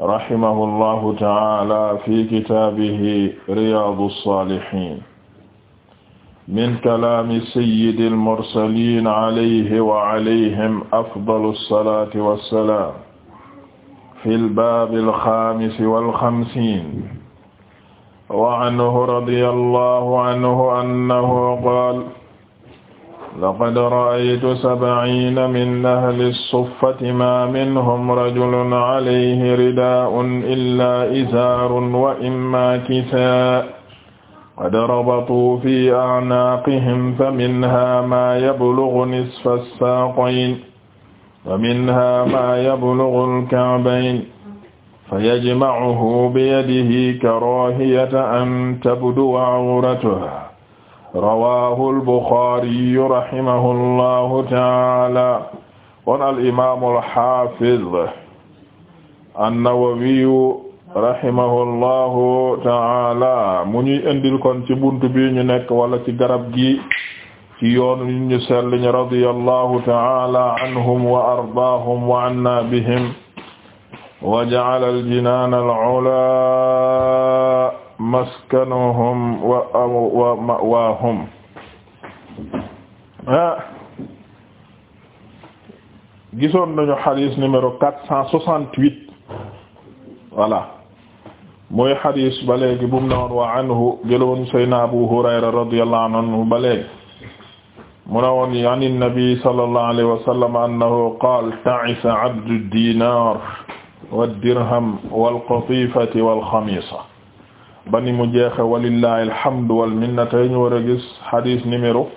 rahimahullahu ta'ala fi kitaabihi riyaadu saalihiin min kalaami sayyidil mursaliin alayhi wa alayhim afdalu salaati wa salaam fil baabil xaamisi wal xamsiin wa anhu radiyallahu anhu annahu qaala laqad ra'aytu sab'iina min ahli suffati maa minhum rajulun alayhi ridaa'un illaa izaarun wa immaa kisaa qad rabatuu fi a'naaqihim faminhaa maa yablughu nisfa as-saaqayn wa minhaa maa yablughu al-ka'bayn fayajma'uhu biyadihi karaahiyata an tabduwa 'awratuhu rawahu albuxaariyu rahimahu llahu taala kon alimamu alhafiz annawawiyu rahimahu llahu taala mu ñuy indil kon ci buntu bi ñu nekk wala ci garab gi ci yoon yu ñu selliñ radiya allahu taala anhum wa ardaahum wa anna bihim wa ja'ala aljinaana al'ulaa maskanuhum wa wa ma'waahum gisoon nañu xadis numéro quatre cent soixante-huit voilà mooy xadis ba léegi bu mu ne woon wa anhu jëlawoon sayna Abu Hurayra radiyallahu anhu ba léegi mu ne woon an nabi sallallahu alayhi wa sallam annahu qaala ta'isa abdu dinar wad dirham wal qatifati wal xamisa ba ni mu jeexe walillahi alhamdu wal minna tey ñu war a gis hadis numéro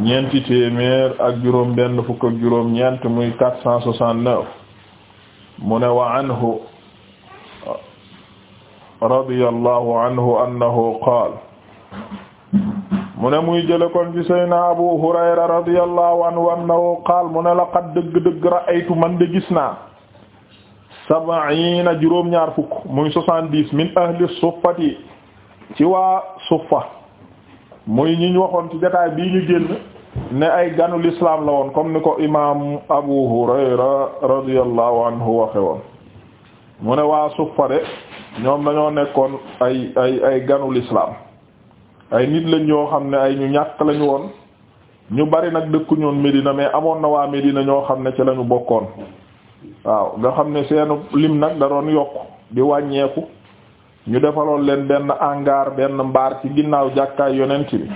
ñeenti téeméer ak juróom benn fukk ak juróom ñeent muy quatre cent soixante-neuf mu ne wa anhu anhu qaal mu ne muy jële kon ci sayna abu hurayra radiyallahu anhu qaal mu laqad dëgg-dëgg ra'aytu man de gis naa sabaina juróom-ñaar fukk muy soixante-dix min ahli yi ci waa suffa muy ñi ñu waxoon ci jotaay bii ñu génn ne ay ganu l'islam la woon comme ni ko imaam Abu Hurayra radiyallahu anhu waxe woon mu ne waa suffa de ñoom dañoo nekkoon ay ay ay ganu l'islam ay nit lañ ñoo xam ne ay ñu ñàkk lañu woon ñu bari nag dëkku ñoon Médina mais amoon na waa Médina ñoo xam ne ci lañu bokkoon waaw nga xam ne seenu lim nag da doon yokk di wàññeeku ñu defaloon leen benn angaar benn mbaar ci ginnaaw jàkkaay yonent bi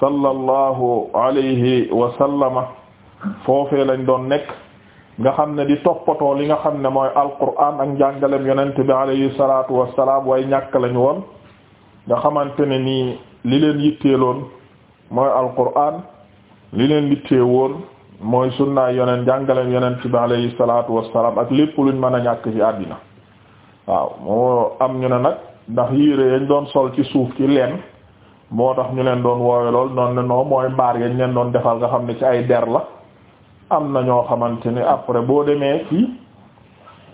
sallallahu alayhi wa sallama foofee lañ doon nekk nga xam ne di toppatoo li nga xam ne mooy alquran ak njàngalem yonent bi alayhi salatu wasalaam way ñàkk lañ woon nga xamante ne nii li leen yitteeloon mooy alquran li leen woon mooy sunnaay yonent yeneen yonent bi alayhi salaatu wassalaam ak lépp luñ mën a ñàkk ci àddina waaw moo am ñu ne nag ndax yére yañ doon sol ci suuf ci leen moo tax ñu leen doon woowe lool noonu ne noo mooy mbaar yañ leen doon defal nga xam ne ci ay der la am na ñoo xamante ni après boo demee ci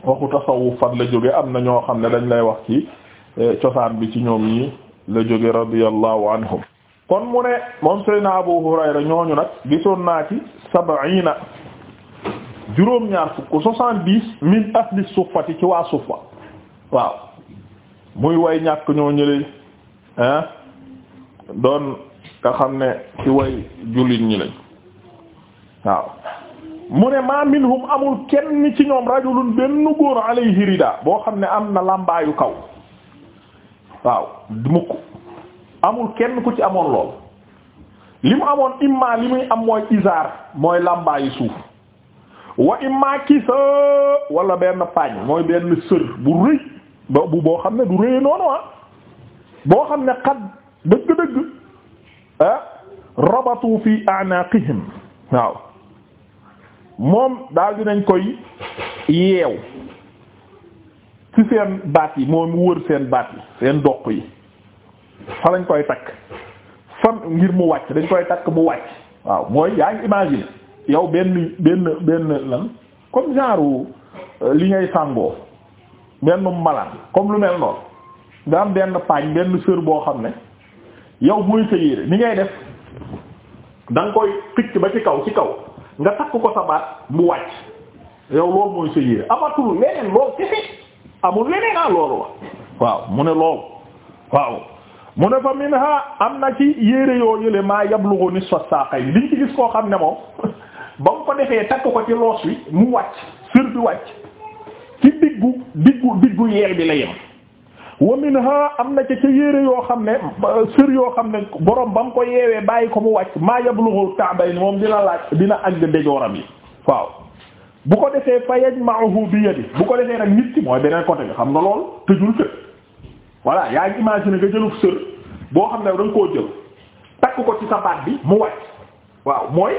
waxu tasawuf fan la jóge am na ñoo xam ne dañ lay wax ci eh, cosaan bi ci ñoom yi la jóge radiyallahu anhum kon mu ne moom Seydina Abu Hurayra ñooñu sab'ina juróom ñaar fukk soixante dix min ahli suffati ci waa suffa waaw muy way ñàkk ñoo ñële ah doon nga xam ne ci way jullit ñi waaw mu ne ma minhum amul kenn ci ñoom rajulun benn góor alayhi rida boo xam ne am na làmbaayu kaw waaw mukk amul kenn ku ci amoon lool li mu amoon imma li muy am mooy isaar mooy làmbaayu suuf wa imma kisa wala benn paañ mooy benn sër bu rëy ba bu boo xam ne du rëyee noonu ah boo xam ne xat dëgg-dëgg ah, rabatu fi anaqihim waaw moom daal dinañ koy yeew ci seen baat yi moom mu wër seen baat yi seen doq yi fa lañ koy takk fan ngir mu wàcc dañ koy takk mu wàcc waaw mooy yaa ngi imaginer yow benn benn benn lan comme genre euh, li ngay sàngoo benn malaan comme lu mel noonu nga am benn paañ benn sër boo xam ne yow mooy sa yére ngay def da nga koy picc ba ci kaw ci kaw nga takk ko sa baat mu wàcc yow loolu mooy sa yére amatul leneen lool kese amul leneen ah loolu la waaw mu ne loolu waaw mu ne fa minha am na ci yére yoo yële maa yablugu nisfa saaqay bi liñ ci gis koo xam ne moom ba mu ko defee takk ko ci loos wi mu wàcc sër bi wàcc ci diggu diggu diggu yeer bi la yem wa minha am na ci ca yére yoo xam ne sër yoo xam ne borom ba mu ko yeewee bàyyi ko mu wàcc maa yablugu ka'bayn moom dina laaj dina àgg ndejooram yi waaw bu ko defee fa yajma'uhu bi yadi bu ko defee nag nit ki mooy beneen côté bi xam nga lool tëjul tëj voilà yaa ngi imaginer nga jëluf sër boo xam ne da koo jël takk ko ci sa bi mu wàcc waaw mooy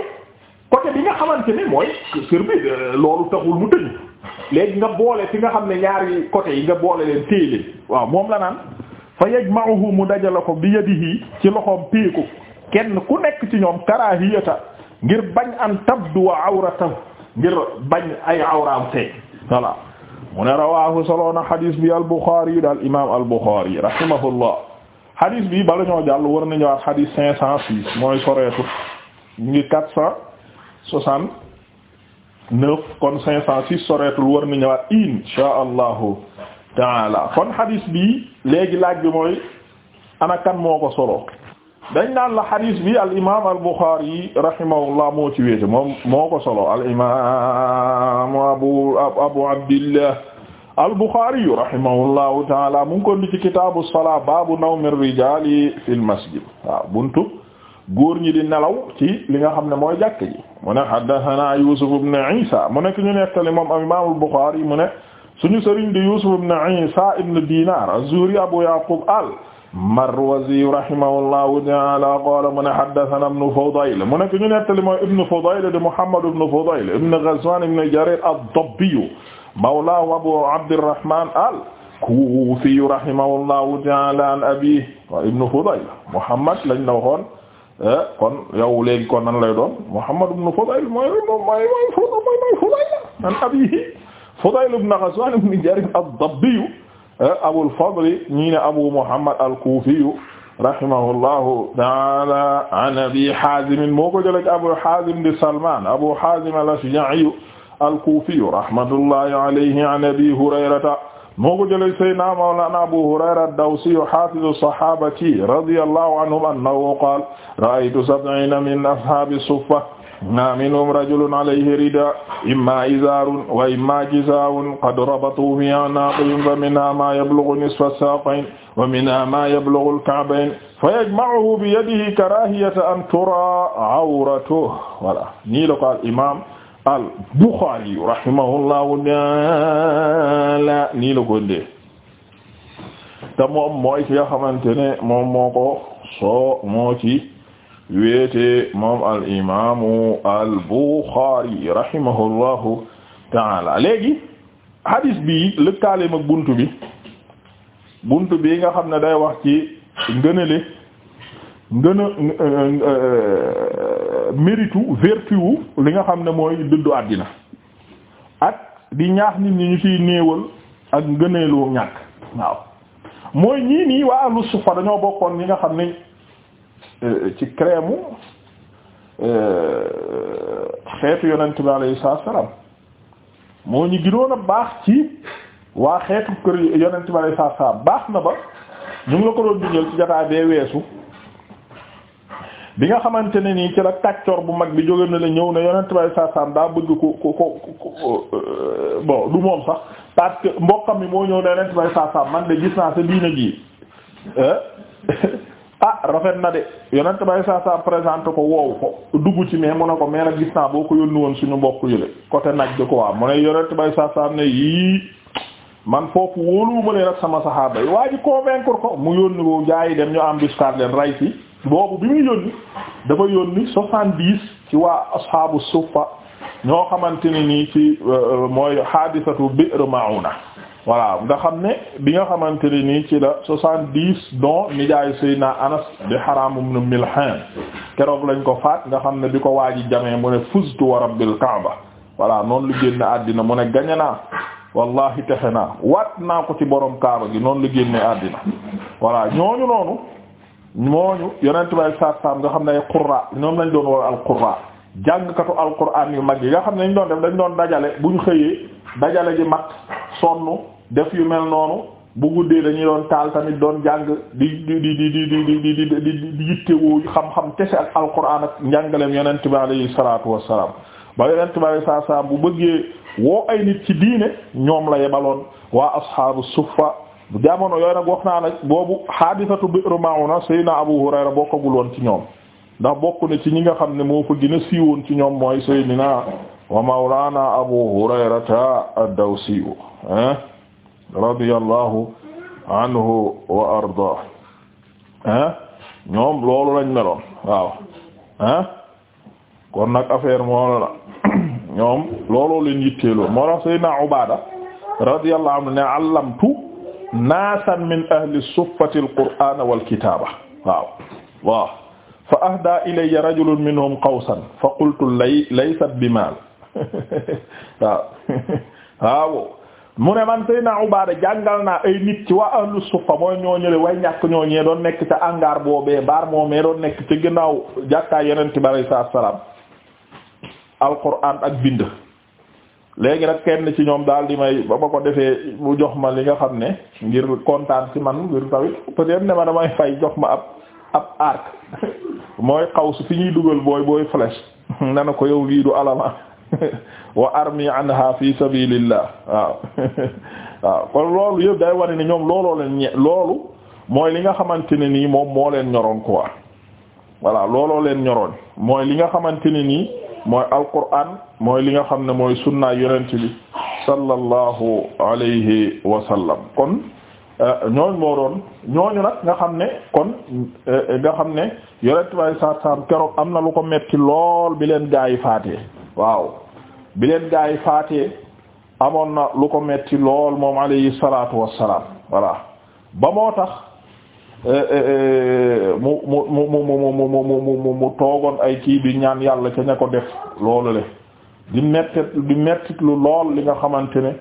côté bi nga xamante ne mooy sër bi euh, loolu taxul mu tëj léegi nga boole fi nga xam ne ñaari côté yi nga boole leen téye waaw moom la naan fa yajma'uhu mu dajale ko bi yadihi ci loxoom téye kenn ku nekk ci ñoom karahiyata ngir bañ an tabdu wa awratahu ngir bañ ay awraam feeñ voilà mu ne rawaahu soloona xadis bi al-Bukhari daal imaam al-Bukhari rahimahullah xadis bi bala ñoo jàll war nañu wax xadis cinq cent six mooy soreetu ñu ngi quatre cent soixante neuf kon cinq cent six soreetul war nañu wax insha allahu taala kon xadis bi léegi laaj bi mooy ana kan moo ko solo. dañ naan la xadis bi al imaam al Buxaari rahimahullah moo ci wéete moom moo ko solo al imaam abu abu abdillah al Buxaari rahimahullahu taala mu ngi ko ndi ci kitaabu salaa baabu nawmi rijaali fil masjid góor ñi di nelaw ci li nga xam ne mooy jàkk ji mu ne haddasanaa Yuusuf ibn Iisaa mu nekk ñu nettali moom al imaam al Buxaari mu ne suñu sëriñ abu Yaquub al Marwazi rahimahullahu ta'ala qala mu ne haddathana ibn Fudayl mu nekk ñu nettali mooy ibn Fudayl di Muhammad ibn Fudayl ibn Ghazwan ibn Jarir ad-Dabbi mawlahu Abu Abdirrahman al-Kufi rahimahullahu ta'ala an abihi wa ibn Fudayl Muhammad lañ la waxoon eh, kon yow léegi kon nan lay doon Muhammad ibn Fudayl mooy mooy mooy Fudayl an abihi Fudayl ibn Ghazwan ibn Jarir ad-Dabbi Eh, Abul Fadl ñii ne Abu Muhammad al-Kufiyu rahimahullahu ta'ala an Abi Hazim moo ko jëlee Abu Hazim di Salman Abu Hazim al-Ashja'i al-Kufiyu rahmatullahi alayhi an Abi Hurayrata moo ko jëlee Sayyidina Mawlana Abu Hurayra ad-Dawsi hafizu as-sahabati radiyallahu anhum annahu qala ra'aytu sab'ina min ashabi as-suffa na minhum rajulun alayhi rida imma izarun wa imma jiza'un qad rabatu fi anaqihim fa minha ma yablughu nisfa as-saqayn wa minha ma yablughu al-ka'bayn fa yajma'uhu bi yadihi karahiyata an tura awratuhu voilà nii la ko al imam al Bukhari rahimahullahu ta'ala nii la ko ndee te moom mooy ki nga xamante ne moom moo ko soo moo ci wéete moom al imaamu al Buxaari rahimahullahu taala léegi hadis bi lëkkaale mag bunt bi bunt bi nga xam ne day wax ci ngënale ngën a méritu vertu li nga xam ne mooy dëddu àddina ak di ñaax nit ñi ñu ciy néewal ak ngëneelu ñàkk waaw mooy ñii nii waa ahlu sufa dañoo bokkoon ñi nga xam ne Euh, ci crème mu euh, xeetu yonent bi alayhi salaam moo ñu gënoon a baax ci waa xeetu kër yonent bi alayhi salaam baax na ba ñu ngi la ko doon dundal ci jotaay bee weesu bi nga xamante ne nii ci la tàccoor bu mag bi jóge na la ñëw ne yonent bi alayhi salaam daa bëgg ko ko ko bon du moom sax parce mbokkam mi moo ñëw ne yonent bi alayhi salaam man de gis naa sa diina ji ah rafet na de yonent bay saa saa présenté ko woowu ko dugg ci mais mu ne ko mais nag gis naa boo ko yónni woon suñu mbokk yële côté naj di ko waa mu ne yonent bay saa saa ne yii man foofu wóoluwuma leen ak sama saxaaba yi waa ji convaincre ko mu yónni ko jaayi dem ñu embuscade leen ray ci boobu bi muy yónni dafa yónni soixante-dix ci waa ashaabu suffa ñoo xamante ne nii ci euh, euh, mooy xaadisatu Bi'r Ma'una voilà nga xam ne bi nga xamante ne nii ci la soixante-dix don nijaay Seydina Anas di Haraam ibn Milhan keroog lañ ko faat nga xam ne bi ko waaji jamee mu ne fuztu wa rabbil Kaaba voilà noonu lu génne àddina mu ne gañe naa wallahi texe naa waat naa ko ci borom Kaaba gi noonu lu génne àddina voilà ñooñu noonu ñooñu yonent bay saat saam nga xam ne ay qurra ñoom lañ doon war al qurra jàngkatu al yu mag yi nga xam ne ñu doon def dañ doon dajale buñ xëyee dajale ji mat sonn def yu mel noonu bu guddee dañuy doon taal tamit doon jàng di di di di di di di di di di yittewoo xam-xam kese ak alquran ak njàngaleem yonent bi alayhi salaatu wassalaam ba yonent bi alayhi salaatu wassalaam bu bëggee woo ay nit ci diine ñoom la yebaloon waa ashaabu suffa jamono yooyu nag wax naa nag boobu xaadisatu Bi'r Ma'una Seydina Abu Hurayra bokkagul woon ci ñoom ndax bokk na ci ñi nga xam ne moo fa gën a siiwoon ci ñoom mooy Seydina wa Mawlaana Abu Hurayrata ad-Dawsi radiyallahu anhu wa ardaah ah ñoom loolu lañ meloon waaw ah kon nag affaire moo la ñoom looloo leen yitteeloo moo tax Seydina Ubaada radiyallahu anhu ne allamtu naasan min ahli suffati al-qur'aana wal-kitaaba waaw waaw fa ahdaa ilayya rajulun minhum qawsan fa qultu lay laysat bi maal waaw waaw mu ne man Seydina Ubaada jàngal naa ay nit ci waa ahlu suffa mooy ñooñële way ñàkk ñooñee doon nekk ca angaar boobee baar moomee doon nekk ca ginnaaw jàkkaay yonent bi alayhi salaatu salaam alquran ak bind léegi nag kenn ci ñoom daal di may ba ma ko defee mu jox ma li nga xam ne ngir kontaan ci man ngir tawit peut-être ne damay fay jox ma ab ab arc mooy xaw su fi ñuy dugal booy booy flèche nana ko yow lii du alama wa armi anha fi sabilillah waaw waaw kon loolu yëpp day wane ni ñoom looloo leen ñe loolu mooy li nga xamante ne nii moom moo leen ñoroon looloo leen ñoroon mooy li nga xamante ne nii mooy alquran mooy li nga xam ne mooy sunna yonent bi sallallahu alayhi wa sallam kon euh, ñooñ moo doon ñooñu nag nga xam ne kon euh, nga xam ne yonent bi sallallahu keroog am na lu ko metti lool bi leen gaa yi waaw bi gaa yi faatee amoon na lu ko metti lool moom alayhi salaatu wassalaam voilà ba moo tax mu mu mu mu mu mu mu mu mu toogoon ay kii bi ñaan yàlla ca ña ko def loolu di metti di lool li nga xamante ne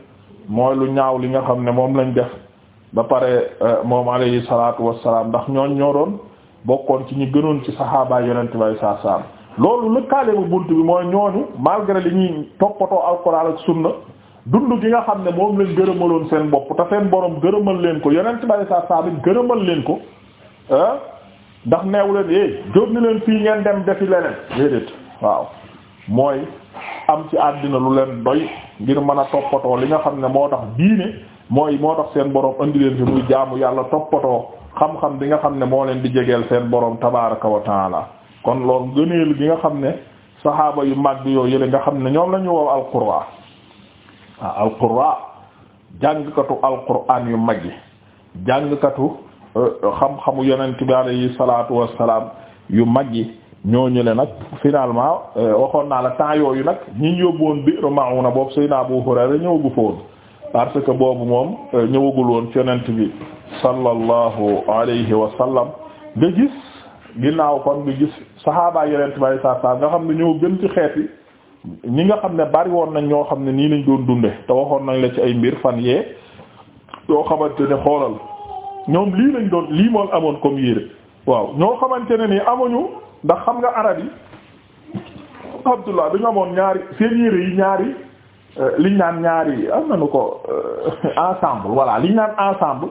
mooy lu ñaaw li nga xam ne moom lañ def ba pare moom alayhi salaatu salaam ndax ñooñ ñoo doon bokkoon ci ñi gënoon ci saxaabaa yonent bay saa saam loolu lëkkaale bu bunt bi mooy ñooñu malgré li ñuy toppatoo alxuraan ak sunna dund gi nga xam ne moom lañ gërëmaloon seen bopp te seen borom gërëmal leen ko yeneen ci saa saa bi gërëmal leen ko ah ndax neew leen eh jóob leen fii ngeen dem defi leneen déedéet waaw mooy am ci àddina lu leen doy ngir mën a toppatoo li nga xam ne moo tax diine mooy moo tax seen borom andi leen fi muy jaamu yàlla toppatoo xam-xam bi nga xam ne moo leen di jegeel seen borom tabaaraka wa taala kon loolu gëneel gi nga xam ne saxaaba yu mag yoo yële nga xam ne ñoom la ñu wow alqur'aan waaw ah, alqur'aan jàngkatu alqur'aan yu mag yi jàngkatu euh, xam-xamu yonent bi alayhi salaatu wassalaam yu mag yi ñooñu le nag finalement euh, waxoon naa la temps yooyu nag ñi yóbbuwoon Bi'r Ma'una boobu Seydina Abu Hurayra ñëwagu foon parce que boobu moom euh, ñëwagul woon ci yonent bi sallallahu alayhi wa nga gis ginnaaw kon bi gis saxaabaa yonent bi saa saa nga xam ne ñoo gën ci xeet yi ñi nga xam ne bari woon nañ ñoo xam ne nii lañ doon dunde te waxoon nañ la ci ay mbir fan yee yoo xamante ne xoolal ñoom lii lañ doon lii moom amoon comme yére waaw ñoo xamante ne nii amuñu ndax xam nga arab yi Abdullah dañu amoon ñaari seen yére yi ñaari euh, liñ naan ñaari am nañu ko euh, ensemble voilà liñ naan ensemble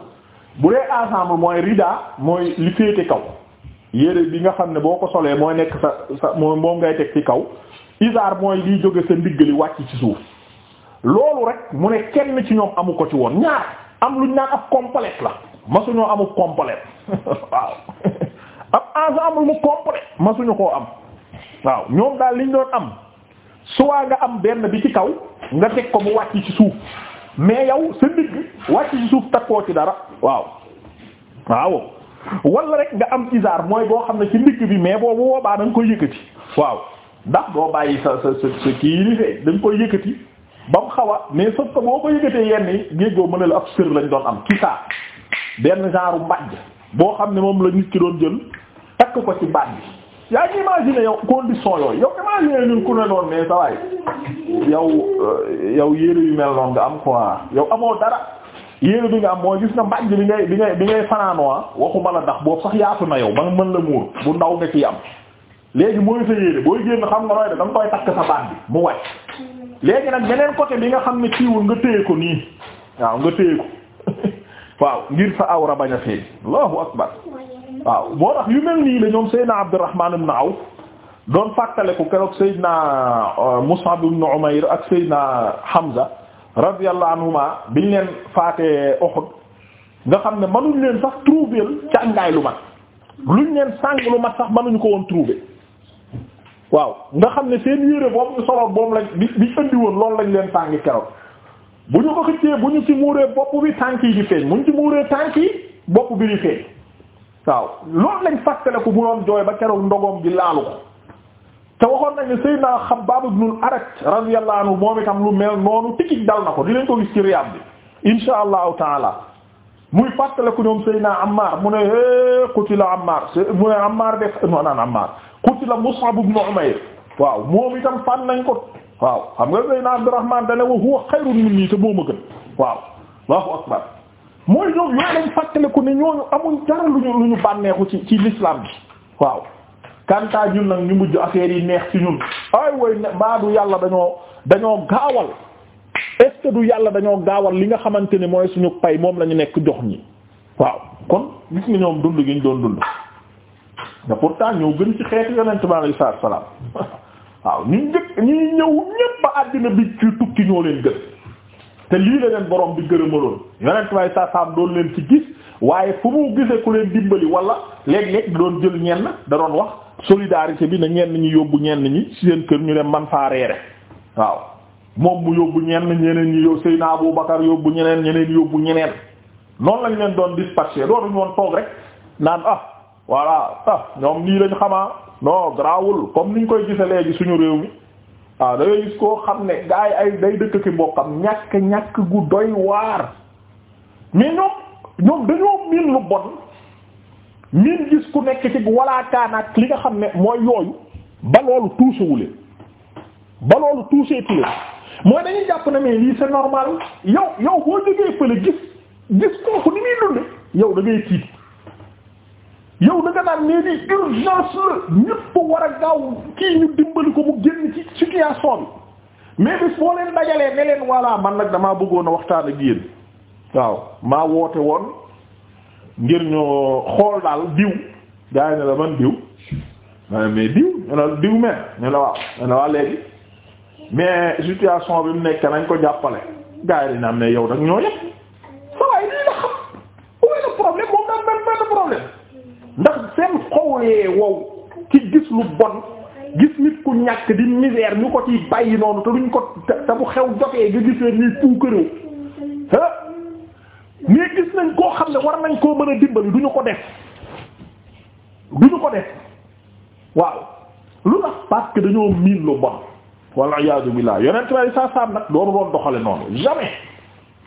bu dee ensemble mooy rida mooy li féete kaw yére bi nga xam ne boo ko solee mooy nekk sa sa moom ngay teg ci kaw isaar mooy liy jóge sa ndiggali wàcc ci suuf loolu rek mu ne kenn ci ñoom amu ko ci woon ñaar am luñ naan ab complète la masuñoo amu complète waaw ab ensemble mu complet koo am waaw ñoom daal liñ doon am suwaa nga am benn bi ci kaw nga teg ko mu wàcc ci suuf mais yow sa ndigg wàcc ci suuf takkoo ci dara waaw waaw wala rek nga am isaar mooy boo xam ne ci ndigg bi mais boobu boobaa da nga koy yëkkati waaw ndax doo bàyyi sa sa sa kii yi fe da koy yëkkati ba mu xaw a mais sauf que boo ko yëkkatee yenn yi géejoo mën a la ab sër lañ doon am ci saa benn genre mbàjj boo xam ne moom la nit ki doon jël takk ko ci baat bi yaa ngi imaginer yow condition yooyu yow imaginer ñun ku ne noonu mais sa waay yow euh, yow yére yu mel noonu nga am quoi yow amoo dara yéene bi nga am mooy gis nga mbàjj bi ngay bi ngay bi ngay fanaanoo ah, waxuma la ndax boobu sax yaatu na yow ba nga mën la muur bu ndaw nga ciy am léegi mooy sa yéene booy génn xam nga nooy da nga koy takk sa baat bi mu wàcc léegi nag beneen côté bi nga xam ne kiiwul nga téye ko nii waaw nga téye ko waaw ngir sa awra bañ a feeñ allahu akbar waaw moo tax yu mel nii la ñoom Seydina Abdurrahman ibn Awf doon fàttale ko keroog Seydina euh, Mus'ab ibn Umayr ak Seydina Hamza radiyallahu anhuma biñ leen faate Uhud nga xam ne mënuñ leen sax trouver càngaay lu mat luñ leen sàng lu mat sax mënuñ ko woon trouver waaw nga xam ne seen yére boobu ñu soloon boobu lañ bi bi indi woon loolu lañ leen sàngi keroog bu ñu ko xëccee bu ñu ci muuree bopp bi tànk yi di feeñ bu ñu ci muuree tànk yi bopp bi di feeñ waaw loolu lañ fàttale ko bu doon jooy ba keroog ndogoom bi laalu ko te waxoon nañu Seydina Xabbaab ibnul Arat radiyallahu anhu moom itam lu mel noonu tikik dal na ko dinañ ko gis ci Riyaad bi insha allahu taala muy fàttaliku ñoom Seydina Ammar mu ne qutila Ammar mu ne Ammar de non naan Ammar qutila Mus'ab ibnu Umayr waaw moom itam fànn nañ ko waaw xam nga Seydina Abdurrahman dane wa huwa xayrun minni te moom a gën waaw Allahu akbar mooy ñoom yoo lañ fàttaliku ne ñooñu amuñ dara luñu lu ñu bànneexu ci ci l'islam bi waaw kantaa ñun nag ñu mujj affaire yi neex ci ñun ay way mbaa du yàlla dañoo dañoo gaawal est du yàlla dañoo gaawal li nga xamante ne mooy suñu pay moom la ñu nekk jox ñi waaw kon gis nga ñoom dund gi ñu doon dund pour pourtant ñoo gën ci xeetu yonent bi alayhi salaam waaw ñu njëkk ñu ñëw ñëpp àddina bi ci tukki ñoo leen gën te lii la leen borom bi gërëmaloon yonent bi alayhi salaatu doon leen ci gis waaye fu mu gisee ku leen dimbali wala léeg-léeg doon jël ñenn da doon wax. solidarité bi na ñenn ñi yóbbu ñenn ñi ci seen kër ñu dem man faa reere waaw moom mu yóbbu ñenn ñeneen ñi yow Seydina Abou Bakar yóbbu ñeneen ñeneen yóbbu ñeneen noonu lañ leen doon dispatché doonuñu woon toog rek naan ah voilà ah ñoom lii lañ xamaa non grawul comme niñ koy gise léegi suñu réew mi waaw ah, da gis koo xam ne gaa ay day dëkk ki mbokkam ñàkk ñàkk gu doy waar mais ñoom ñoom dañoo miin lu bon min gis ku nekk ci walaakaan ak li nga xam ne mooy yooyu ba loolu tuusewule ba loolu tuuseetule mooy dañuy jàpp na mais lii c'est normal yow yow boo jógee fële gis gis kooku ni muy dunde yow da ngay tiit yow da nga naan nee ni urgence war a gaaw kii ñu dimbali ko mu génn ci situation bi mais bis boo leen dajalee ne leen man nag damaa bëggoon a waxtaan a yéen waaw maa woote woon ngir ñoo xool daal diw gaa yi ne la man diw ma mais diw ñu ne diw mais ñu ne waaw ñu ne waaw léegi mais situation bi mu nekk nañ ko jàppale gaa yi dañ am ne yow nag ñoo yëpp sawaay lii la xam oy la problème moom daan benn benn problème ndax seen xowlee wow ci gis lu bon gis nit ku ñàkk di misère ñu ko ci bàyyi noonu te duñ ko te bu xew jotee nga gis leen nii mais gis nañ koo xam ne war nañ koo mën a dimbali du ñu ko def du ñu ko def waaw lu tax parce que dañoo miin lu bon walla iyaadu billaah yonent bi saa saam nag doonu doxale noonu jamais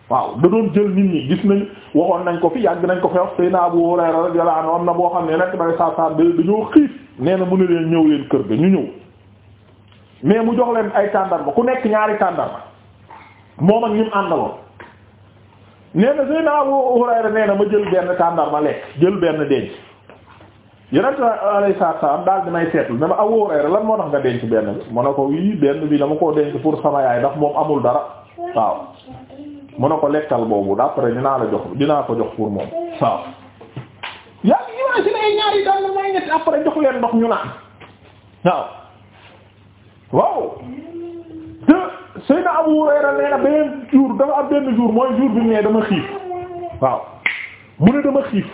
waaw da doon jël nit ñi gis nañ waxoon nañ ko fi yàgg nañ ko fi wax Seydina Abu Hurayra radiyallahu anhu na boo xam ne yonent bi saa saam dañoo xiif nee na mu ne leen ñëw leen kër ga ñu ñëw mais mu jox leen ay tàndarma ku nekk ñaari tàndarma moom ak ñi mu àndaloon nee na Seydina Abu Hurayra nee na ma jël benn tàndar ma lekk jël benn denc yonent alayhi salaam daal di may seetlu ne ma Abu Hurayra lan moo tax nga denc benn bi mu ne ko wii benn bi dama koo denc pour sama yaay ndax moom amul dara waaw mu ne ko lekkal boobu d'après dinaa la jox dinaa ko jox pour moom waaw. yaa ngi imaginer ay ñaari daal la may ñetti après jox leen ndox ñu naan waaw waaw. Seydina Abu Hurayra nee na beneen jour dafa am benn jour mooy jour bi mu ne dama xiif waaw mu ne dama xiif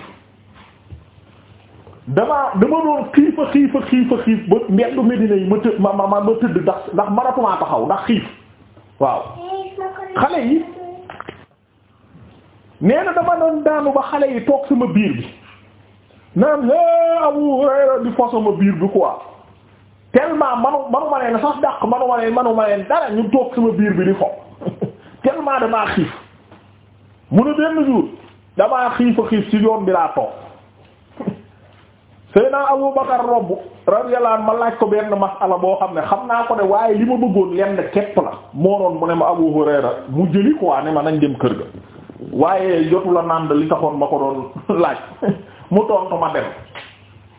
damaa dama doon xiif a xiif a xiif a xiif ba mbeddu Medina yi ma të ma ma ma tëdd ndax ndax mënatumaa taxaw ndax xiif waaw xale yi nee na dama doon daanu ba xale yi toog sama biir bi naan Abu Hurayra di fo sama biir bi quoi. tellement manu manu ma leen sax dàq manu ma leen manu leen dara ñu toog sama biir bi di fo tellement damaa xiif mu ne benn jour damaa xiif a xiif ci yoon bi laa toog Seydina Abu Bakar robb radiyallahu ma laaj ko benn masala boo xam ne xam naa ko de waaye li ma bëggoon lenn képp la moo doon mu ne ma Abu Hurayra mu jëli quoi ne ma nañ dem kër ga waaye jotu la naan li taxoon ma ko doon laaj mu tontu ma dem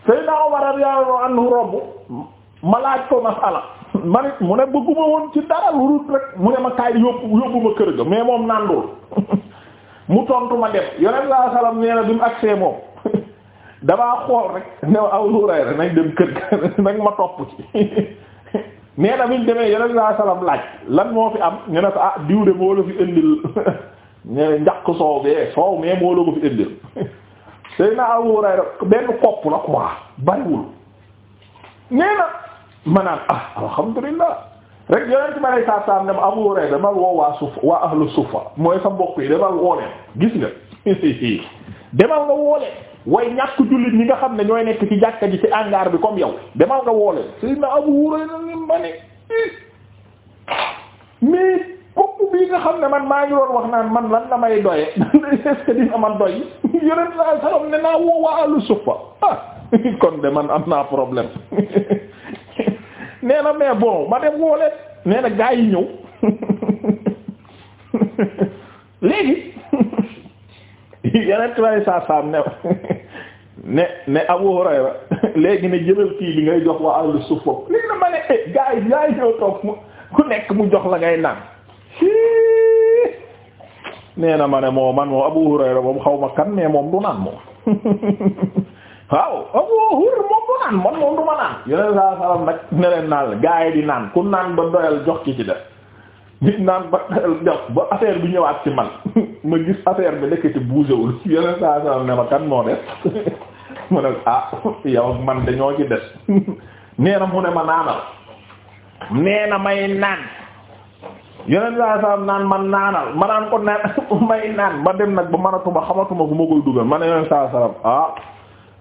Seydina Umar radiyallahu anhu robb ma laaj ko masala ma nit mu ne bëgguma woon ci dara lu rut rek mu ne ma kaay yóbbu yóbbu ma kër ga mais moom nandul mu tontu ma dem yonent laa salaam nee bi mu agsee moom damaa xool rek ne aw luuray rek nañ dem kër ga nag ma topp ci nee na bi ñu demee yonent saa salaam laaj lan moo fi am ñu ne ko ah diw de moo la fi indil ne soow bee soow mais moo la ko fi indil sëy na aw luuray rek benn kopp la quoi bariwul nee ma naan ah alhamdulilah rek yonent bi alay saa salaam ne ma Abu Hurayra demal woo waa suuf waa ahlu sufa mooy sa mbokk yi demal woo leen gis nga demal nga woo leen way ñàkk jullit ñi nga xam ne ñooy nekk ci jàkka ji ci angaar bi comme yow demal nga woo leen Seydina Abu Hurayra ne ma ne eh, mais bopp bii xam ne man maa ngi doon wax naan man la may doye est ne naa woo waa ahlu sufa ah kon de man am naa problème nee na mais bon ma dem woo leen nee na gaa yi ñëw léegi yeneen tubaab saa saam ne ne ne Abu Hurayra léegi ne jëlal kii bi ngay jox waa ahlu suuf foofu léegi na ma ne eh, gaa yi gaa yi toog mu ku nekk mu jox la ngay naan nee na ma ne moo man moom Abu Hurayra moom xaw ma kan mais moom du naan moom waaw Abu Hurayra naan man moom du ma naan yeneen saa salaam nag ne naan la gaa di naan ku naan ba doyal jox ki ci def nit naan ba doyal jox ba affaire bi ñëwaat ci man ma gis affaire bi nekk ci bougéwul yeneen saa ne ma kan moo def mu ne ah yow man dañoo ci des nee mu ne ma naanal nee na may naan yeneen saa naan man naanal ma naan ko naan may naan ma dem nag ba mënatuma xamatuma ku ma koy dugal ma ne yeneen saa ah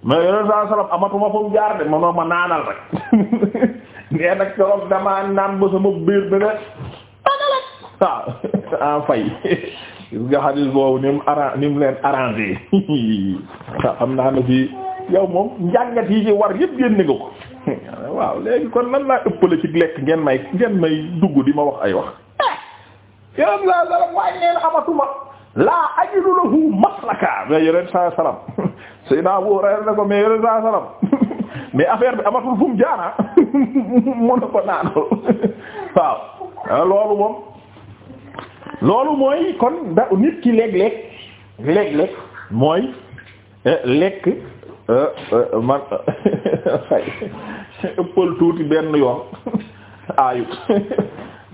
mais yeneen saa salaam amatuma fu mu jaar de mënoo ma naanal rek nee nag keroog damaa naan ba sama biir bi ne waaw ah, fay gis nga boobu ni mu arrang leen arrangé waaw ah, xam naa ne fii yow moom njàngat yi ci war yëpp génne nga ko waaw léegi kon nan laa ëppale ci lekk ngeen may ngeen may dugg di ma wax ay wax. yeneen saa salaam waaye nee amatuma. laa ajidu lahu maslaka mais yeneen saa salaam Seydina Abu Hurayra ne ko mais yeneen saa salaam mais affaire bi amatul fu mu jaana mu ne ko naanal ah, loolu moom loolu mooy kon nit ki léeg-léeg léeg mooy eh, lekk eh, eh, man tuuti benn yoon aayut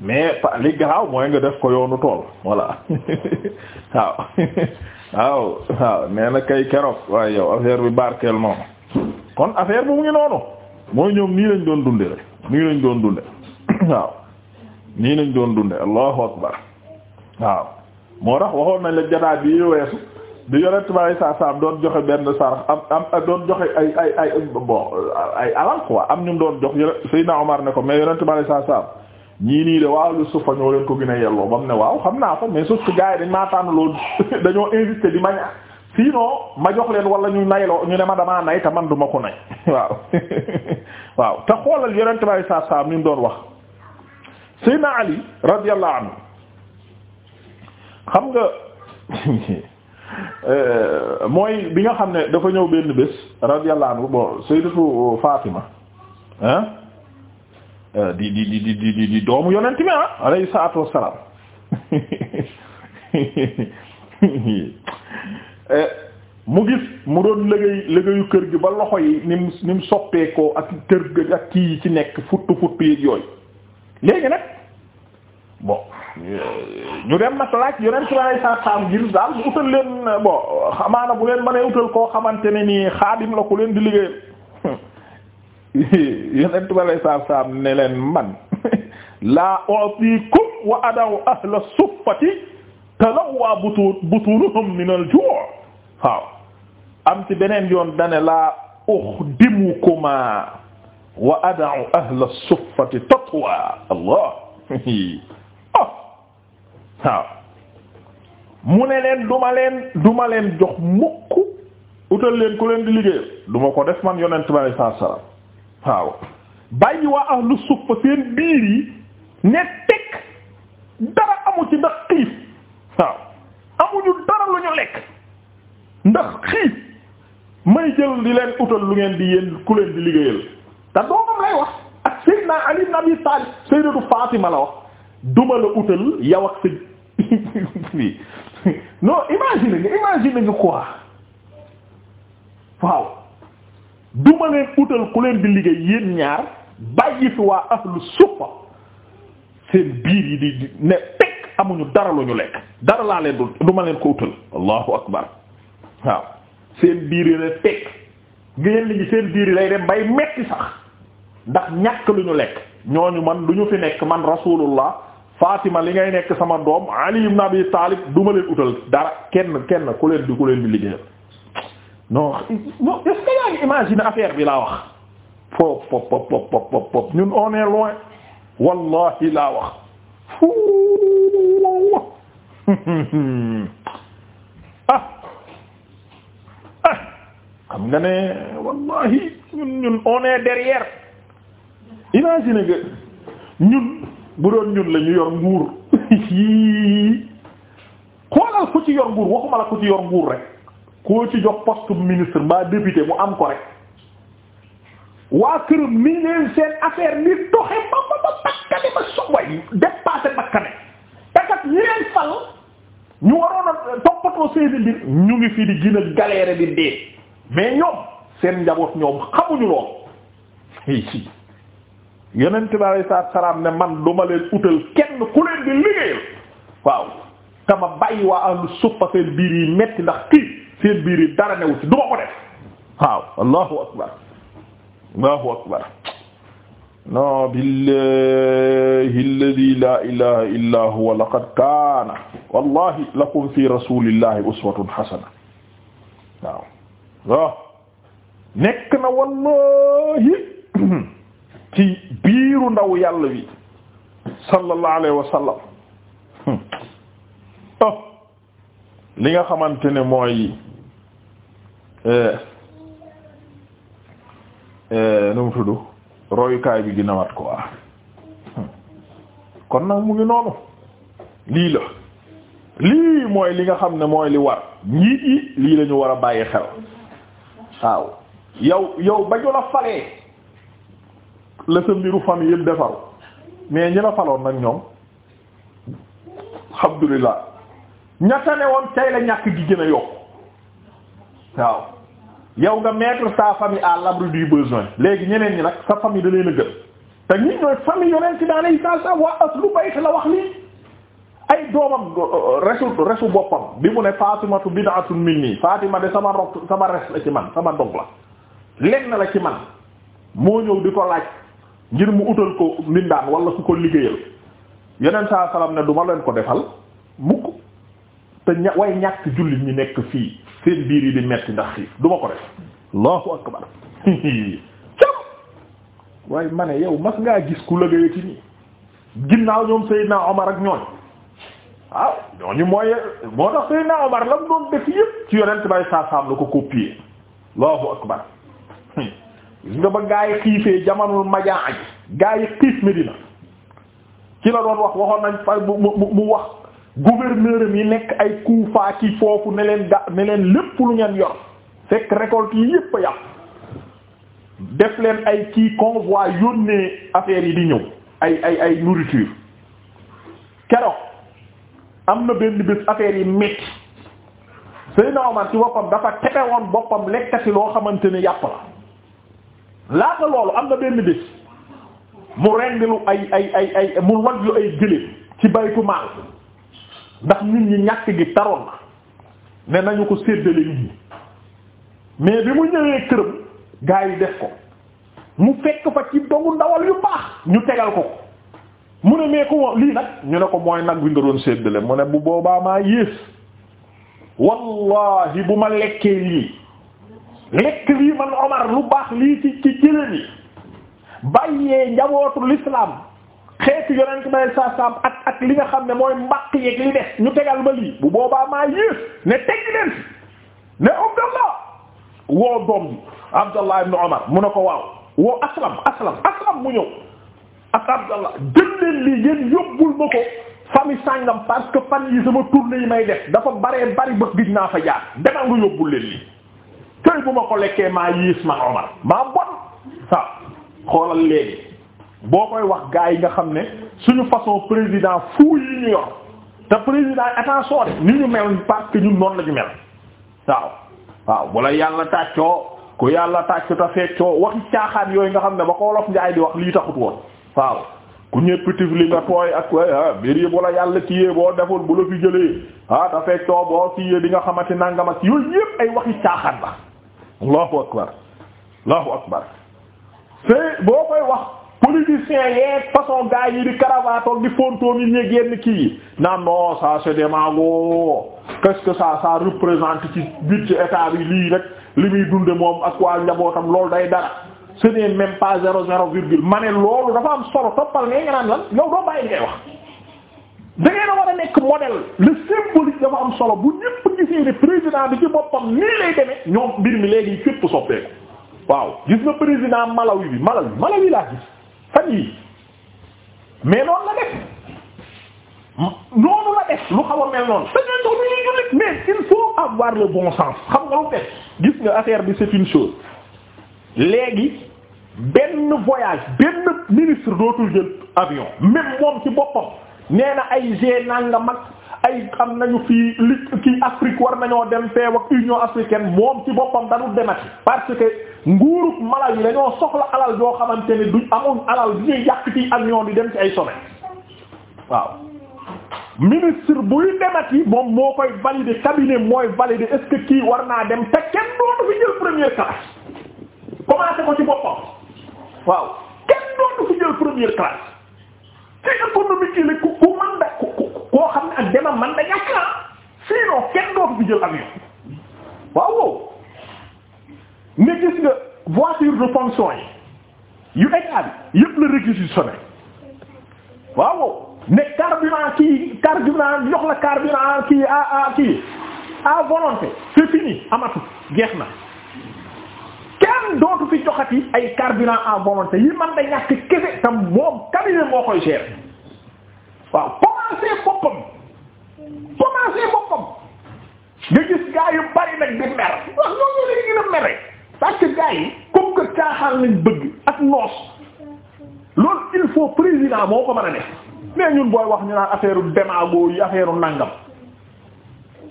mais li garaaw mooy nga def ko yoonu tool voilà waaw waaw waaw nee kay keroog waaye yow affaire bi barkeel noonu kon affaire bu mu ngi noonu mooy ñoom nii lañ doon dunde rek nii lañ doon dunde waaw nii lañ doon dunde allahu akbar waaw moo tax waxoon nañ la jataay bi weesu di yonent bi saa saam doon joxe benn sarax am doon joxe ay ay ay bon ay alal quoi am ñu doon jox yonent Seydina Omar ne ko mais yonent bi saa saam ñii nii de waaw lu sufa ñoo leen ko gën a yelloo ba mu ne waaw xam naa ko mais sauf que gars yi dañ maa tànn loolu dañoo insister di ma ñaax sinon ma jox leen wala ñu nayloo ñu ne ma damaa nay te man du ma ko nay waaw waaw te xoolal yonent saa saa mi mu doon wax Seydina Ali radiyallahu anhu xam nga mooy bi nga xam ne dafa ñëw benn bés radiyallahu anhu bon Sayyidatu Fatima ah Euh, di di di di di di doomu yonent mi ah alayhi salaatu wassalaam eh, mu gis mu doon liggéey liggéeyu kër gi ba loxo yi ni mu ni mu soppeekoo ak kër gi ak kii yi ci nekk futtu futtu yi yooyu léegi nag bon ñu dem nag laaj yonent bi alayhi salaatu wassalaam ngir daal mu utal leen bon xamaana bu leen mënee utal koo xamante ne nii xaadim la ku leen di liggéeyal yonent balay saab saab ne man laa utikum wa adaw ahla suffati talawwa butu butunuhum min al ju' waaw am ci beneen yoon dane laa uxdimukuma wa adaw ahla suffati tatwa allah oh mu ne leen duma duma leen jox mukk utal leen ku leen di liggéey duma ko def man yonent balay saab saab waaw bàyyi waa ahlu suffa seen biir yi ne teg dara amu ci ndax xiif waaw amuñu dara lu ñu lekk ndax xiif may jël di leen utal lu ngeen di yéen ku leen di liggéeyal te doomam lay wax ak Seydina Ali ibn Abi Talib Sayyidatu Fatima la wax duma la utal yow ak sa non imagine nga imagine nga quoi waaw du ma leen utal ku leen di liggéey yéen ñaar bàyyi fi waa ahlu suffa seen biir yi di ne pekk amuñu dara lu ñu lekk dara laa leen du du ma leen ko utal allahu akbar waaw seen biir yi ne pekk ngeen li seen biir yi lay dem bay metti sax ndax ñàkk lu ñu lekk ñooñu man du ñu fi nekk man rasulullah Fatima li ngay nekk sama doom Ali ibn Abi Talib du ma leen utal dara kenn kenn ku leen di ku leen di liggéeyal non non est yaa ngi imaginer affaire bi laa wax fop fop fop fop fop loin wallahi laa wax ah ah xam nga ne wallahi ñun ñun on est derrière imaginer bu doon ñun la ñu yor nguur xoolal ku ci yor nguur waxuma ku ci yor nguur rek koo ci jox poste ministre mbaa député mu am ko rek waa këram mi leen seen affaire ni doxe ba ba ba bakkane ba soboy dépassé bakkane takat ñi leen fal ñu waroon a toppatoo seeni mbir ñu ngi fi di gën a galère di dee mais ñoom seen njaboot ñoom xamuñu lool yonent bi alay salaam ne man duma leen utal kenn ku leen di liggéeyal waaw te ma bàyyi waa ahlu suffa seen biir yi metti ndax kii seen biir yi dara newu ko def waaw allahu akbar allahu akbar no billahi alladi la ilaha illa huwa laqad kaana lakum fi rasulillahi uswatun hasana waaw nekk na wallahi ci biiru ndaw yàlla bi sallallahu alayhi wa li nga xamante ne mooy eh, eh, nu mu tudd royukaay bi gën a mat quoi ah. kon nag mu ngi noonu lii la lii mooy li nga xam ne mooy li war njiit yi lii la ñu war a bàyyi xel waaw yow yow ba ñu la falee la sa mbiru famille yëpp defaru mais ñi la faloon nag ñoom alhamdulillah ñatta ne woon tey la ñàkk gi gën a yokk waaw yow nga mettre sa famille à l'abri du besoin léegi ñeneen ñi nag sa famille da leen a gën te ñi ñooy famille yonent bi alayhi salaam waa aslu bayt la wax lii ay doomam resu resu boppam bi mu ne Fatimatu bid'atun minni Fatima de sama rok sama res la ci man sama dog la lenn la ci man moo ñëw di ko laaj ngir mu utal ko mbindaan wala ku ko liggéeyal yeneen saa salaam ne du ma leen ko defal mukk te ña way ñàkk jullit ñi nekk fii seen biir yi di metti ndax xiif du ma ko def allahu akbar cam waaye ma ne yow mas ngaa gis ku lëgayati nii ginnaaw ñoom Seydina Omar ak ñooñ waaw ñooñu mooy moo tax Seydina Omar la mu doon def yépp ci yonent bay saasaam la ko copier allahu akbar gis nga ba gaa yi xiifee jamanul majaa aj gaa yi xiif Medina ci la doon wax waxoon nañ fa mu mu wax gouverneur yi nekk ay Kufa ki foofu ne leen ga ne leen lépp lu ngeen yor fekk récolte yi yépp a def leen ay kii convoi yónnee affaires yi di ñëw ay ay ay nourriture keroog am na benn bés affaire yi métti Seydina Omar ci boppam dafa tepe woon boppam lekkati loo xamante ne yàpp la laata loolu am na benn bés mu rendilu ay ay ay ay mu wagyu ay gëléem ci baytu maal ndax nit ñi ñàkk gi taroon na ne nañu ko seddale nit mais bi mu ñëwee këram gaa yi def ko mu fekk fa ci dogu ndawal yu baax ñu tegal ko ko mu ne mee ko lii nag ñu ne ko mooy nag wi nga doon séddale mu ne bu boobaa maa yées wallahi bu ma lekkee lii lekk lii man Omar lu baax lii ci ci jëlani bàyyee njabootu l'islam xeetu yonent bay sa sam ak ak li nga xam ne mooy mbaq yeeg li des ñu tegal ma lii bu boobaa maa yées ne teggi leen fi ne Abdallah woo doom ji Abdallah ibn Umar mu ne ko waaw woo aslam aslam aslam mu ñëw ak Abdallah jël leen lii yéen yóbbul ma ko famille sàngam parce que fan yi sama tournée yi may def dafa baree bari bët gis naa fa jaar demal nga yóbbul leen lii tey bu ma ko lekkee maa yées ma Umar maa bon xoolal léegi boo koy wax gaa yi nga xam ne suñu façon président fou yi ñu yor te président attention de ni ñu mel parce que ñun noonu la mel waaw waaw bu la yàlla tàccoo ku yàlla tàccu te feccoo waxi caaxaan yooyu nga xam ne ba ko wolof njaay di wax lii taxut woon waaw ku ñépp tif nga tooy ak ah, biir yi bu la yàlla kiyee boo deful bu la fi jëlee ah te feccoo boo kiyee di nga xamante nangam ak yooyu yépp ay waxi caaxaan la allahu akbar allahu akbar politiciens yeeg façon gars yi di karavaatoog di fontoom yi ñeg yenn kii yi naan non ça c'est démago qu'est-ce que ça ça représente ci budget état bi lii rek li muy dunde moom ak waa njabootam lool day dara ce n'est même pas zéro zéro virgule ma ne loolu dafa am solo toppal ne nga naan lan yow doo bàyyi ngay wax da ngeen a war a nekk modèle le symbolique dafa am solo bu ñëpp gisee ne bi ci boppam nii lay demee ñoom mbir mi léegi fépp soppeeku waaw gis nga président Malawi bi Malawi Malawi laa gis fan yii mais noonu la def noonu la def lu xaw a mel noonu dañu doon ñu jullit mais il faut avoir le bon sens xam nga lu def gis nga affaire bi c'est une chose léegi benn voyage benn ministre dootul jël avion même moom ci boppam nee na ay g nanga mag ay xam nañu fi li kii Afrique war nañoo dem feew ak Union africaine moom ci boppam dañu demati parce que nguurub mala yi dañoo soxla alal yoo xamante ne duñ amoon alal bi ñuy yàq ci ak di dem ci ay sommet waaw ministre buy demati moom moo koy valider cabinet mooy valider est-ce kii war naa dem te kenn dootu fi jël première classe commencé ko ci boppam waaw kenn dootu fi jël première classe ci économique yi la ku ku man da ku koo xam ne ak demam man da ñàkk sinon kenn dootu fi jël avion waaw ne gis nga voiture de fonction yu état bi yëpp la réquisitionné waaw ne carburant kii carburant jox la carburant kii à ah, à ah, kii à volonté c'est fini amatu geex na kenn dootu fi joxati ay carburant à volonté yi man da ñàkk kese tam moom cabinet moo koy gérer waaw commencé boppam commencé boppam nga gis gaa yu bari nag di mer wax ñoo ñoo leen gën mere parce que gars yi comme que caaxaan lañ bëgg ak noos loolu il faut président moo ko mën a def mais ñun booy wax ñu naan affaire démago yi affaire nangam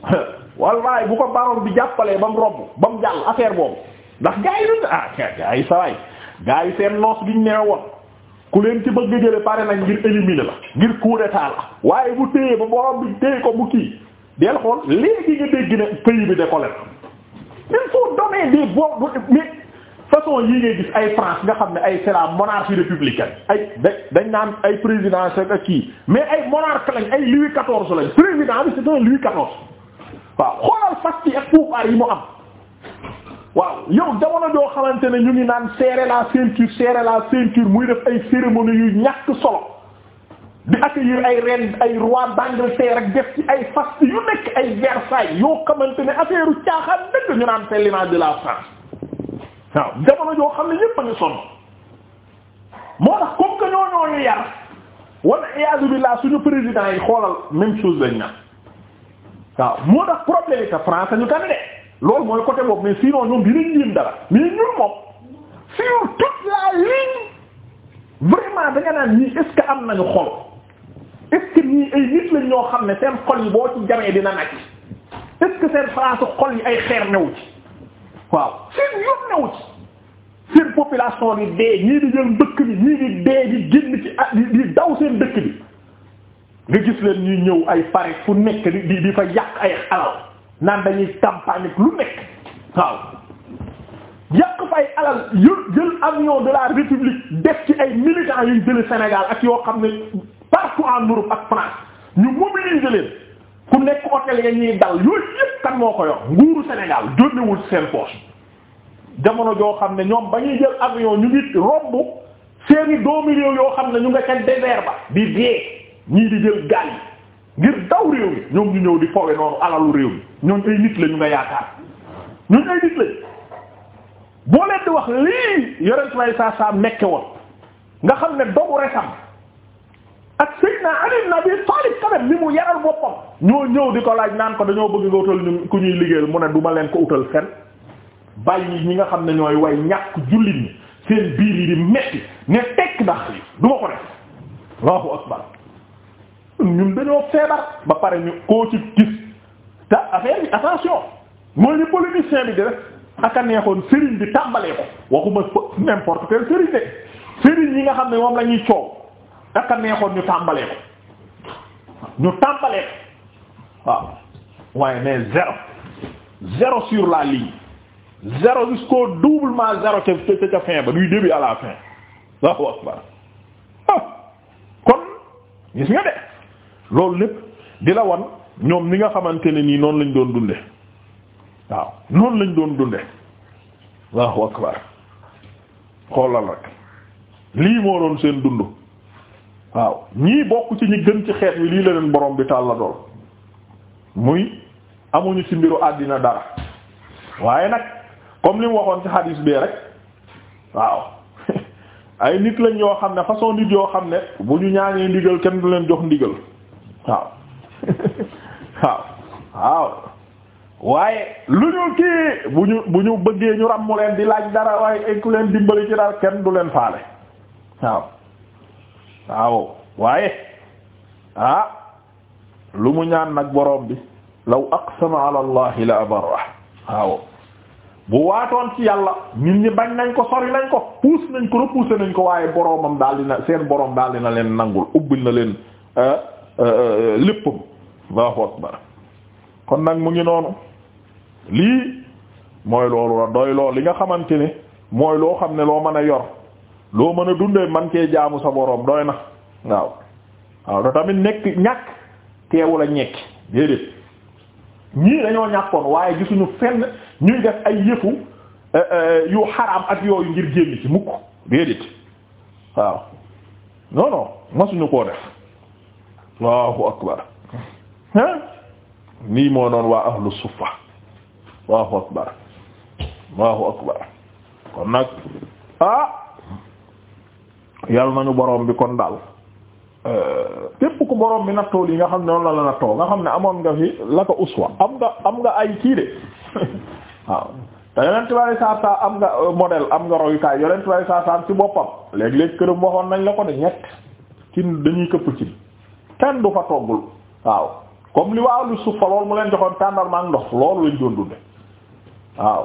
wallaay bu ko baroon bi jàppalee ba mu romb ba mu jàll affaire boobu ndax gars yi duñ ah gars yi sawaay gars yi seen noos biñ neew woon ku leen ci bëgg jële pare nag ngir éliminer la ngir coup la waaye bu téye ba borom bi téye ko bu kii del xool léegi nga dégg ne pays bi décollé il faut donner des bons mais façon yii ngay gis ay France nga xam ne ay c'est la monarchie républicaine ay dañ naan ay président c'est ak kii mais ay monarque lañ ay Louis quatorze lañ président bi c'est un Louis quatorze waaw xoolal fas yi ak pouvoir yi mu am waaw yow jamono doo xamante ne ñu ngi naan serrer la ceinture serrer la ceinture muy def ay cérémonie yu ñàkk solo di accueillir ay reine ay roi d'Angleterre ak ay fas yu nekk ay Versailles yoo xamante ne affaire caaxaan dëgg ñu naan c'est l'image de la France waaw jamono joo xam ne ñépp a ngi sonn moo tax comme que ñoo ñooñu yar wala iyaadu billah suñu président yi xoolal même chose lañ na waaw moo tax problème yi France ñu kan de loolu mooy côté boobu mais sinon ñoom dinañ yéen dara mais ñun moom sur toute la ligne vraiment da naan nii est am nañu ñii ay nit lañ ñoo xam ne seen xol yi boo ci jamee dina nag yi est seen France xol yi ay xeer newu ci waaw seen yoon newu ci seen population bi dee ñii di jël dëkk bi ñii di dee di génn ci at di daw seen dëkk bi nga gis leen ñuy ñëw ay pare fu nekk di di fa yàq ay alal naan dañuy campagne lu nekk waaw yàq fa ay alal jël jël avion de la république def ci ay militants yuy jële Sénégal ak yoo xam ne que en Europe ak France ñu mobiliser leen ku nekk hôtel ya ñuy dal yooyu yëpp kan moo ko yor nguuru Sénégal jónnewul seen poche jamono joo xam ne ñoom ba ñuy jël avion ñu ngi romb seeni doomi réew yoo xam ne ñu nga ca désert ba di dee ñii di jël gaal yi ngir daw réew mi ñoom ñu ñëw di fowe noonu alalu réew mi ñoom ay nit la ñu nga yaakaar ñun ay nit lañ boo leen di wax lii yore lay saa saa nekke nga xam ne dogu resam ak Seydina Ali ibn Abi Talib quand même ni mu yaral boppam ñoo ñëw di ko laaj naan ko dañoo bëgg nga utal ñu ku ñuy liggéeyal mu ne du ma leen ko utal fen bàyyi ñi nga xam ne ñooy way ñàkk jullit ñi seen biir yi di metti ne tekk ndax li du ma ko def dañoo feebar ba pare ñu koo ci gis te neexoon sëriñ bi tàmbalee ko waxuma n'importe quel sëriñ de sëriñ yi nga xam ne moom la ñuy coow daka neexoon ñu tàmbalee ko ñu tàmbalee ko waaw waaye mais zéro zéro sur la ligne zéro jusqu'au doublement zéro ca ca fin ba du début à la fin Allahu akbar ah. kon gis nga de loolu lépp di la wan ñoom ni nga xamante ne nii noonu lañ doon dunde waaw noonu lañ doon dunde Allahu akbar xoolal rek lii moo doon seen dund. waaw ñii bokk ci ñi gën ci xeet wi lii la leen borom bi tàlla dool muy amuñu ci mbiru àddina dara waaye nag comme li mu waxoon ci hadis bi rek waaw ay nit lañ yoo xam ne façon nit yoo xam ne bu ñu ñaanee ndigal kenn du leen jox ndigal waaw waaw waaye lu ñu kii bu ñu bu ñu bëggee ñu ràmmu leen di laaj dara waaye ku leen dimbali ci dara kenn du leen faale waaw waaw waaye ah lu mu ñaan nag borom bi law aqsama ala la abarra waaw bu waatoon ci yàlla nit ñi bañ nañ ko sori nañ ko puus nañ ko repoussé nañ ko waaye boromam daal dina seen borom daal dina leen nangul ubbil na leen ah, ah, ah, léppam kon nag mu ngi noonu lii mooy loolu la doy li nga xamante ni mooy loo xam ne loo mën a yor loo mën a dundee man cee jaamu sa boroom doy na waaw waaw te tamit nekk ñàkk teewu la ñekk déedéet ñii dañoo ñàkkoon waaye gisuñu fenn ñuy def ay yëfu eh, eh, yu xaraam ak yooyu ngir génn ci mukk déedéet waaw non non masuñu koo def allahu akbar hein nii moo doon waa ahlu suffa allahu akbar allahu akbar kon nag ah yal nañu borom bi kon daal euh, képp ku borom bi nattoo yi nga xam ne noonu la la nattoo nga xam ne amoon nga fi la ko uswa am nga am nga ay kii de waaw te yonent bi saa saa am nga euh, modèle am nga royukaay yonent bi saa saa ci boppam léeg-léeg këram waxoon nañ la ko de ñett ci dañuy këpp ci kenn du fa toggul waaw comme li waa lu suuf loolu mu leen joxoon tàndal maa ndox loolu lañ doon dunde waaw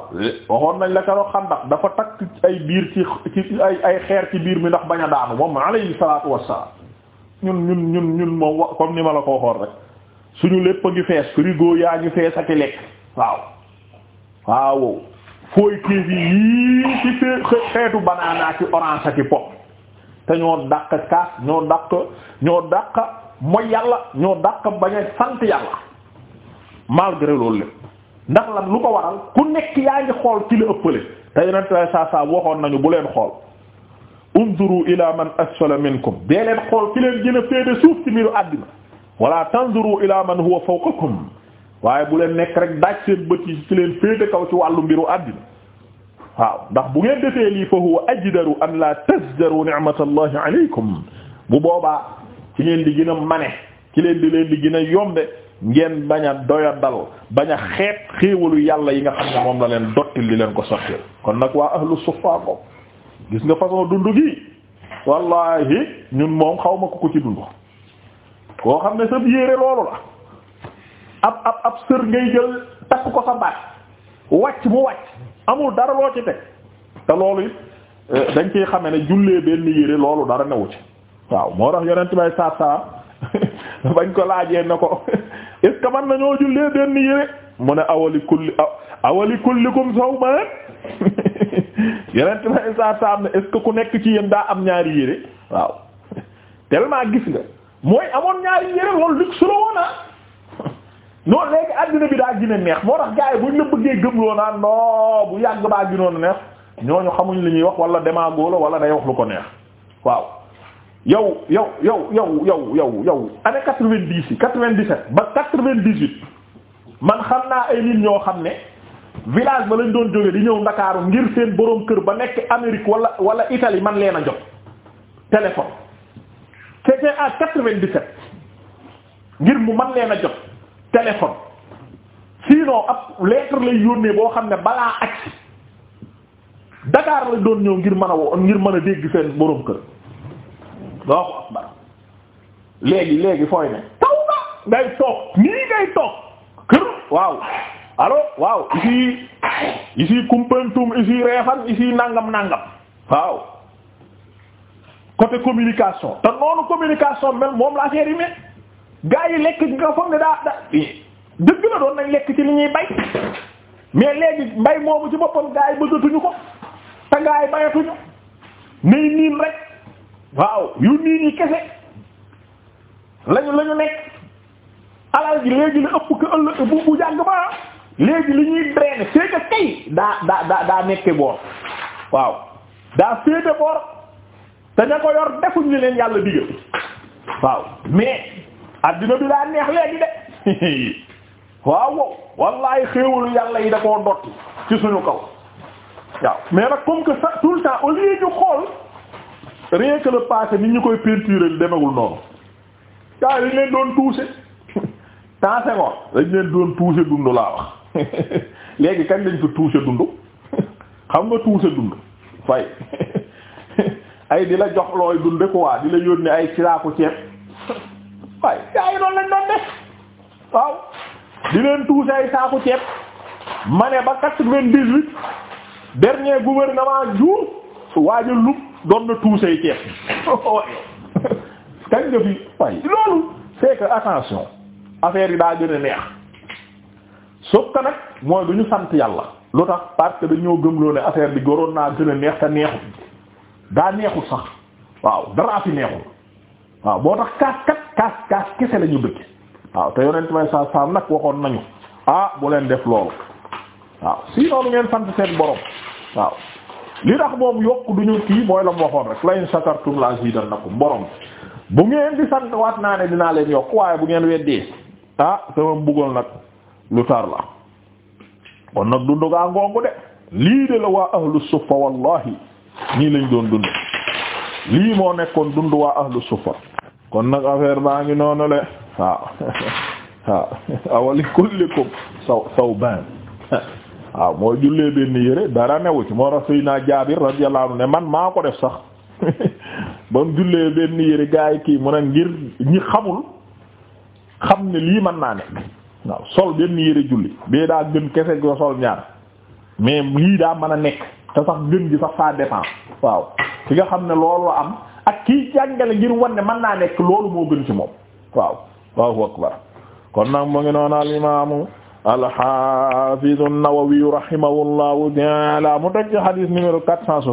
waxoon nañ la keroog xandax dafa takk ay biir ci ay xeer ci biir mi ndax bañ a daanu moom alayhi salaatu wassalaam ñun ñun ñun ñun moom wa comme ni ma la ko waxoon rek suñu lépp a ngi fees frigo yaa ngi fees ak lekk waaw waaw fooy kéef yii ci xeetu banaanaa ci orange ak pop te ñoo dàq kaas ñoo dàq ñoo dàq mooy yàlla ñoo dàq bañ a sant yàlla malgré loolu lépp ndax lan lu ko waral ku nekk yaa ngi xool ci la ëppale te yonent bi saa saa waxoon nañu bu leen xool unzuru ila man asfala minkum dee leen xool ci leen gën a féete suuf ci mbiru àddina wala tanzuru ila man huwa fawqakum waaye bu leen nekk rek daaj seen bët yi ci leen kaw ci wàllu mbiru àddina waaw ndax bu ngeen defee lii fa huwa ajdaru an la tazdaru ni'matallahi alaykum bu booba ci ngeen di gën a mane ci leen di leen di gën a yombe ngeen bañ a doya dal bañ a xeet xéewalu yàlla yi nga xam ne moom la leen dottil di leen ko sottil kon nag waa ahlu suffa moom gis nga façon dund gi wallahi ñun moom xaw ma ku ko ci dund koo xam ne sa yére loolu la ab ab ab sër ngay jël takk ko sa baat wàcc mu wàcc amul dara loo ci teg te loolu it eh, dañ ciy xame ne jullee benn yére loolu dara newu ci waaw moo tax yonent bay saab saab bañ ko laajee na ko est-ce que man nañoo jullee benn yére mu ne awali kulli awali kullikum sawban yeneen tamit saa saa am na est-ce que ku nekk ci yéen daa am ñaari yére waaw tellement gis nga mooy amoon ñaari yére loolu luxe la woon ah non àddina bi daa gën neex moo tax gars yi buñ la bëggee gëmloo naa non bu yàgg baa gënoon a neex ñooñu xamuñ li ñuy wax wala démago la wala day wax lu ko neex waaw. yow yow yow yow yow yow yow année quatre-vingt-dix yi quatre-vingt-dix-sept ba quatre-vingt-dix-huit man xam naa ay nit ñoo xam ne village ba lañ doon jóge di ñëw ndakaaru ngir seen boroom kër ba nekk Amérique wala wala Italie man leen a jot téléphone c'était à quatre-vingt-dix-sept ngir mu man leen a jot téléphone sinon ab lettre lay yónnee boo xam ne balaa agsi Dakar lañ doon ñëw ngir man a woo ngir mën a dégg seen boroom kër Allahu léegi léegi fooy ne taw na ngay toog nii ngay toog kër waaw allo waaw ici ici Koumpentoum ici Réfane ici nangam nangam waaw côté communication te noonu communication mel moom la affaire yi mais gars yi lekk nga foog ne daa da dëgg la doon nañ lekk ci li ñuy bay mais léegi mbay moomu ci boppam gars yi bëggatuñu ko te gars yi bayatuñu nay niin rek waaw yu nii ñi kese lañu lañu nekk alal ji léegi la ëpp ko ëllëg bu jàng ba léegi li ñuy drainer féete kay daa daa daa daa nekke boor waaw daa féete boor te ña ko yor defuñu leen yàlla digal waaw mais addina bi daa neex léegi de waaw wow wallaay xéewalu yàlla yi da koo dotti ci suñu kaw waaw mais nag comme que ça tout le temps au ñu xool rien que le passé ni ñu koy peinturer demewul noonu taa dañ leen doon touché temps seconde dañ leen doon touché dund laa wax léegi kañ lañ ko touché dund xam nga touché dund fay ay di la jox looy dund quoi di la yónnee ay ci ko ceeb waaye gaa yi lañ doon def waaw di leen tuuse ay saaku ceeb ma ne ba quatre-vingt-dix-huit dernier gouvernement Diouf waa waaja lu doon na tuusey ceeb kañ nga fi way loolu c'est attention affaire yi daa gën a neex soog ka nag mooy du ñu sant yàlla lu tax parce que dañoo gëmloo ne affaire bi goroon naa gën a neex te neexul daa neexul sax waaw daraa fi neexul waaw boo tax kaas kat kaas kaas kese la ñu dëkk waaw te yonent may sa saam nag waxoon nañu ah bu leen def loolu waaw si noonu ngeen sant seen borom waaw li tax moom yokk duñu kii mooy la mu waxoon rek la in shakartum la azidannakum borom bu ngeen di sant waat naa ne dinaa leen yokk waaye bu ngeen weddee ah sama mbugal nag lu tar la kon nag dund gaa ngongu de lii de la waa ahlu suffa wallahi nii lañ doon dund lii moo nekkoon dund waa ahlu suffa kon nag affaire baa ngi noonu le waaw waaw awali kullikum saw saw baan waaw moo jullee benn yére dara newu ci moo tax Seydina Jaabir radiyallahu anhu ne man maa ko def sax ba jullee benn yére gaa yi kii mu ne ngir ñi xamul xam ne lii man naa nekk waaw sol benn yére julli bee daa gën kese ko sol ñaar mais lii daa man a nekk te sax gën gi sax ça dépend waaw ki nga xam ne loolu am ak kiy jàngale ngir wan ne naa nekk loolu moo gën ci moom waaw waaw akbar kon nag mu ngi noonu al al-Hafiz an-Nawawi rahimahullahu ta'ala mu teg ci hadith numéro 460